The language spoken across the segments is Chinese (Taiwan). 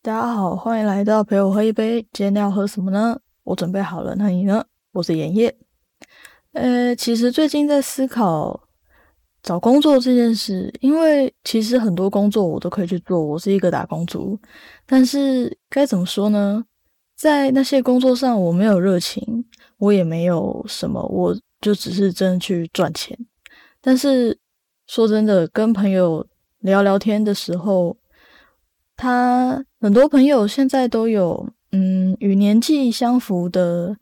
大家好，歡迎來到陪我喝一杯。今天要喝什麼呢？我準備好了，那你呢？我是妍妍。呃，其實最近在思考找工作這件事，因為其實很多工作我都可以去做，我是一個打工族。但是該怎麼說呢？在那些工作上，我沒有熱情，我也沒有什麼，我就只是真的去賺錢。但是說真的，跟朋友聊聊天的時候，他。很多朋友現在都有嗯、與年紀相符的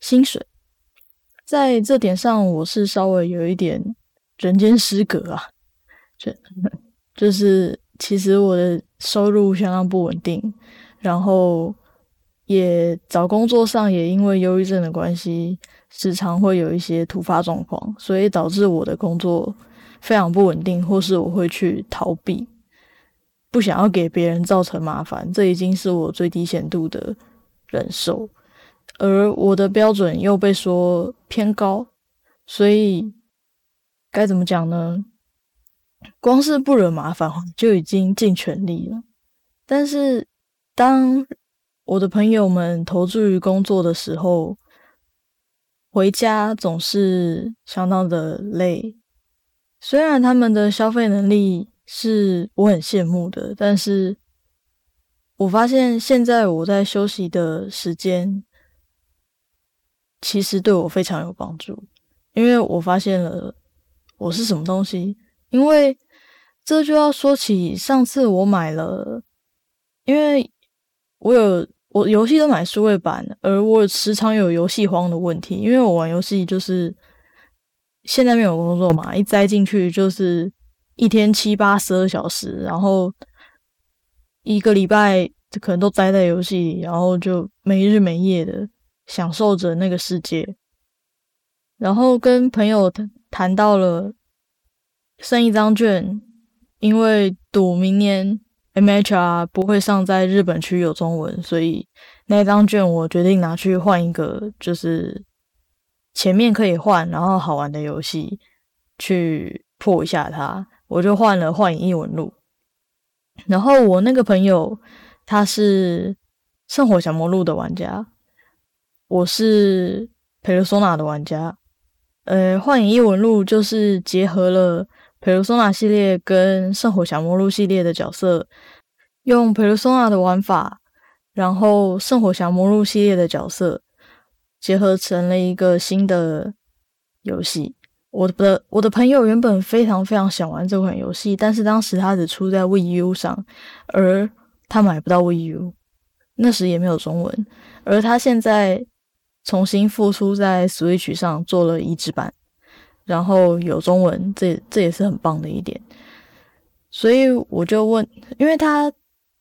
薪水，在這點上我是稍微有一點人間失格啊，就就是其實我的收入相當不穩定，然後也找工作上也因為憂鬱症的關係，時常會有一些突發狀況，所以導致我的工作非常不穩定，或是我會去逃避。不想要給別人造成麻煩，這已經是我最低限度的忍受，而我的標準又被說偏高，所以該怎麼講呢？光是不惹麻煩就已經盡全力了。但是當我的朋友們投注於工作的時候，回家總是相當的累，雖然他們的消費能力。是我很羨慕的，但是我發現現在我在休息的時間，其實對我非常有幫助，因為我發現了我是什麼東西。因為這就要說起上次我買了，因為我有我遊戲都買數位版，而我時常有遊戲荒的問題，因為我玩遊戲就是現在沒有工作嘛，一栽進去就是。一天七八十二小時，然後一個禮拜可能都待在，在遊戲裡，然後就沒日沒夜的享受着那個世界。然後跟朋友談談到了剩一張券，因為賭明年 MHR 不會上在日本區有中文，所以那張券我決定拿去換一個，就是前面可以換，然後好玩的遊戲去破一下它。我就換了《幻影異聞錄》，然後我那個朋友他是《聖火降魔錄》的玩家，我是《Persona》的玩家。呃，《幻影異聞錄》就是結合了《Persona》系列跟《聖火降魔錄》系列的角色，用《Persona》的玩法，然後《聖火降魔錄》系列的角色結合成了一個新的遊戲。我的我的朋友原本非常非常想玩這款遊戲，但是當時他只出在 Wii U 上，而他買不到 Wii U，那時也沒有中文，而他現在重新復出在 Switch 上做了移植版，然後有中文，這這也是很棒的一點。所以我就問，因為他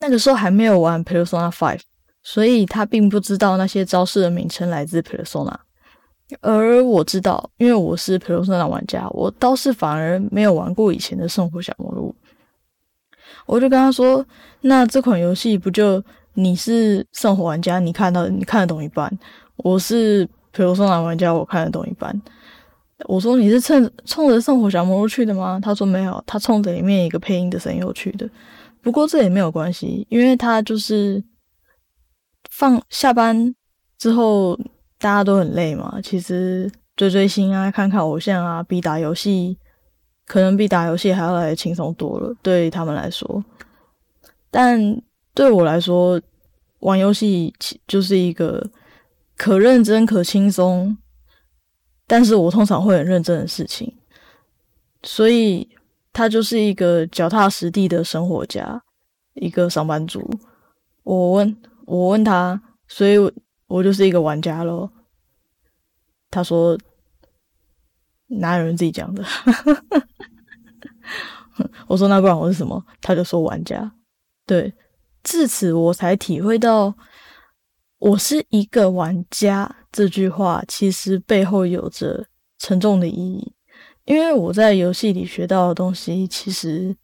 那個時候還沒有玩 Persona 5，所以他並不知道那些招式的名稱來自 Persona。而我知道，因為我是 Persona 玩家，我倒是反而沒有玩過以前的《聖火降魔錄》。我就跟他說：“那這款遊戲不就你是聖火玩家，你看到你看得懂一半；我是 Persona 玩家，我看得懂一半。”我說：“你是趁衝着《聖火降魔錄》去的嗎？”他說：“沒有，他衝着裡面一個配音的聲音去的。不過這也沒有關係，因為他就是放下班之後。”大家都很累嘛，其實追追星啊，看看偶像啊，比打遊戲，可能比打遊戲還要來輕鬆多了，對他們來說。但對我來說，玩遊戲其就是一個可認真可輕鬆，但是我通常會很認真的事情。所以他就是一個腳踏實地的生活家，一個上班族。我問我問他，所以。我就是一個玩家嘍，他說，哪有人自己講的？ 我說那不然我是什麼？他就說玩家。對，至此我才體會到，我是一個玩家這句話其實背後有着沉重的意義，因為我在遊戲裡學到的東西，其實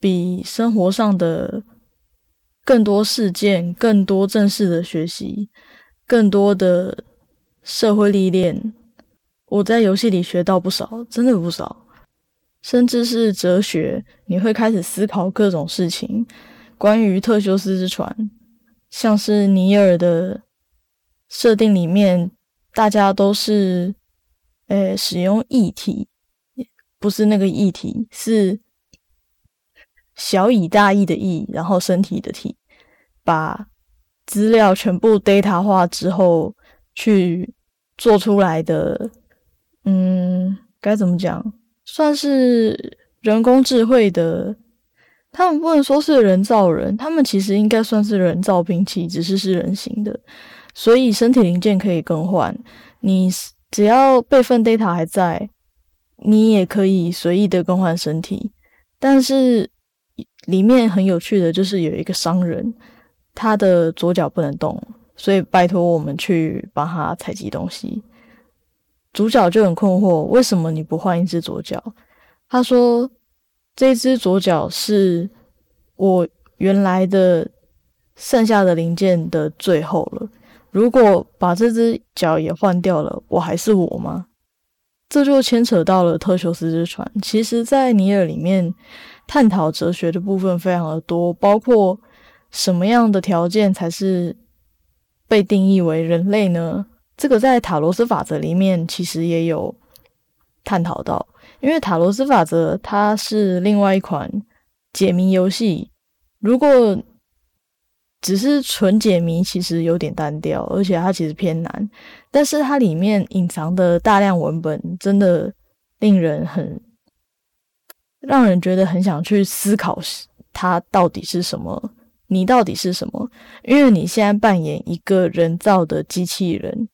比生活上的更多事件、更多正式的學習。更多的社會歷練，我在遊戲裡學到不少，真的不少，甚至是哲學，你會開始思考各種事情。關於特修斯之船，像是尼爾的設定裡面，大家都是，呃，使用異體，不是那個異體，是小以大義的義，然後身體的體，把。資料全部 data 化之後去做出來的，嗯，該怎麼講？算是人工智慧的，他們不能說是人造人，他們其實應該算是人造兵器，只是是人形的，所以身體零件可以更換。你只要備份 data 還在，你也可以隨意的更換身體。但是裡面很有趣的就是有一個商人。他的左腳不能動，所以拜托我們去幫他採集東西。主角就很困惑，為什麼你不換一隻左腳？他說：“這隻左腳是我原來的剩下的零件的最後了。如果把這隻腳也換掉了，我還是我嗎？”這就牽扯到了特修斯之船。其實，在《尼爾》裡面探討哲學的部分非常的多，包括。什麼樣的條件才是被定義為人類呢？這個在塔羅斯法則裡面其實也有探討到，因為塔羅斯法則它是另外一款解謎遊戲。如果只是純解謎，其實有點單調，而且它其實偏難。但是它裡面隱藏的大量文本，真的令人很讓人覺得很想去思考，它到底是什麼。你到底是什麼？因為你現在扮演一個人造的機器人，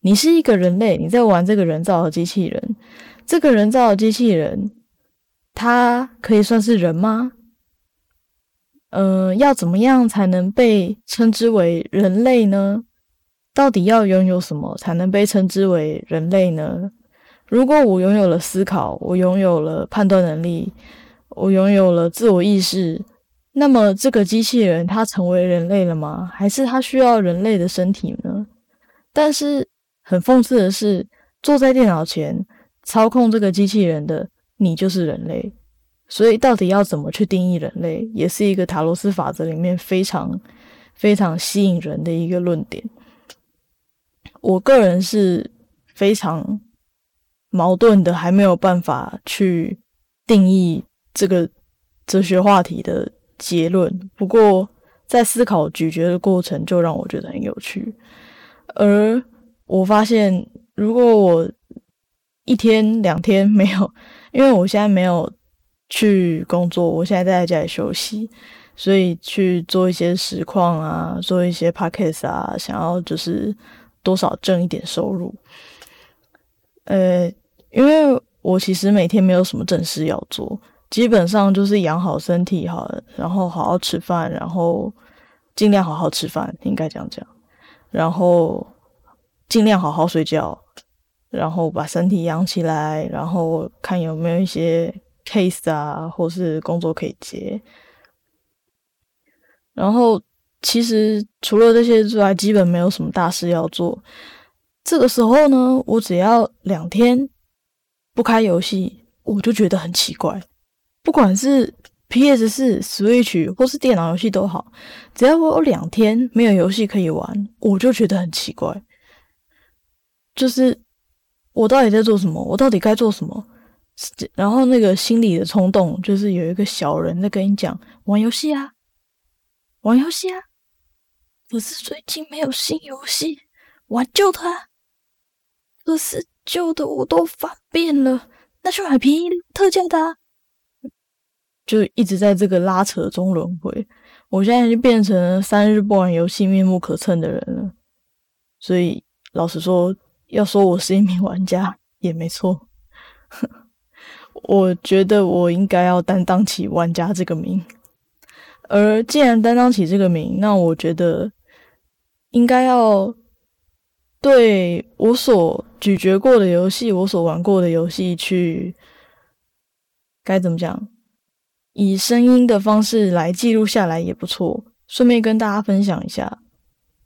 你是一個人類，你在玩這個人造的機器人。這個人造的機器人，它可以算是人嗎？嗯、呃，要怎麼樣才能被稱之為人類呢？到底要擁有什麼才能被稱之為人類呢？如果我擁有了思考，我擁有了判斷能力，我擁有了自我意識。那麼，這個機器人它成為人類了嗎？還是它需要人類的身體呢？但是很諷刺的是，坐在電腦前操控這個機器人的你就是人類。所以，到底要怎麼去定義人類，也是一個塔羅斯法則裡面非常非常吸引人的一個論點。我個人是非常矛盾的，還沒有辦法去定義這個哲學話題的結論。不過，在思考咀嚼的過程就讓我覺得很有趣。而我發現，如果我一天兩天沒有，因為我現在沒有去工作，我現在待在家裡休息，所以去做一些實況啊，做一些 podcast 啊，想要就是多少掙一點收入。呃，因為我其實每天沒有什麼正事要做。基本上就是養好身體好，然後好好吃飯，然後盡量好好吃飯，應該這樣講。然後盡量好好睡覺，然後把身體養起來，然後看有沒有一些 case 啊，或是工作可以接。然後其實除了這些之外，基本沒有什麼大事要做。這個時候呢，我只要兩天不開遊戲，我就覺得很奇怪。不管是 PS 四、Switch 或是電腦遊戲都好，只要我有兩天沒有遊戲可以玩，我就覺得很奇怪。就是我到底在做什麼？我到底該做什麼？然後那個心裡的衝動就是有一個小人在跟你講：“玩遊戲啊，玩遊戲啊！”可是最近沒有新遊戲玩，舊的，可是舊的我都翻遍了，那去買便宜特價的啊。就一直在這個拉扯中輪回，我現在就變成了三日不玩遊戲面目可憎的人了。所以，老實說，要說我是一名玩家也沒錯。 我覺得我應該要擔當起“玩家”這個名，而既然擔當起這個名，那我覺得應該要對我所咀嚼過的遊戲，我所玩過的遊戲去，該怎麼講？以聲音的方式來記錄下來也不錯，順便跟大家分享一下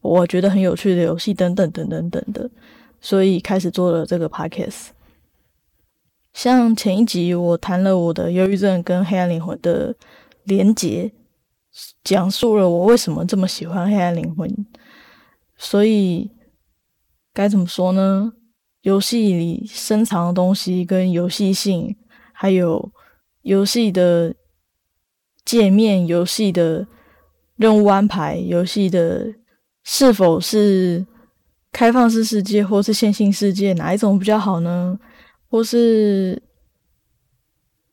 我覺得很有趣的遊戲等等等等等等的，所以開始做了這個 podcast。像前一集我談了我的憂鬱症跟《黑暗靈魂》的連結，講述了我為什麼這麼喜歡《黑暗靈魂》，所以該怎麼說呢？遊戲裡深藏的東西、跟遊戲性，還有遊戲的。界面，遊戲的任務安排，遊戲的是否是開放式世界或是線性世界，哪一種比較好呢？或是，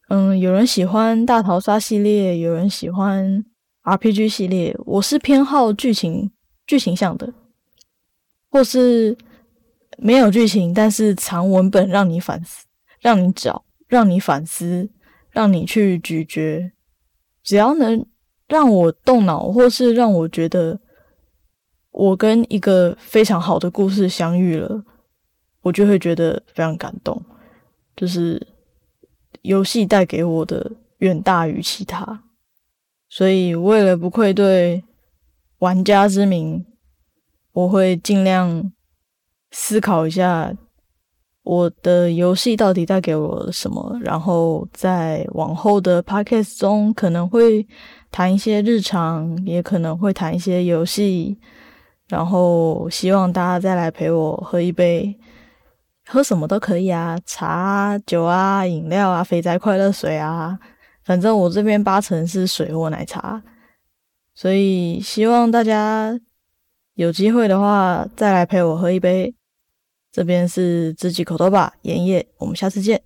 嗯，有人喜歡大逃殺系列，有人喜歡 RPG 系列，我是偏好劇情劇情向的，或是沒有劇情，但是長文本讓你反思、讓你找、讓你反思、讓你去咀嚼。只要能讓我動腦，或是讓我覺得我跟一個非常好的故事相遇了，我就會覺得非常感動，就是遊戲帶給我的遠大於其他，所以為了不愧對玩家之名，我會盡量思考一下。我的遊戲到底帶給我什麼？然後在往後的 Podcast 中可能會談一些日常，也可能會談一些遊戲。然後希望大家再來陪我喝一杯，喝什麼都可以啊，茶啊、酒啊、飲料啊、肥宅快樂水啊，反正我這邊八成是水或奶茶。所以希望大家有機會的話，再來陪我喝一杯。這邊是自己口頭吧，妍葉，我們下次見。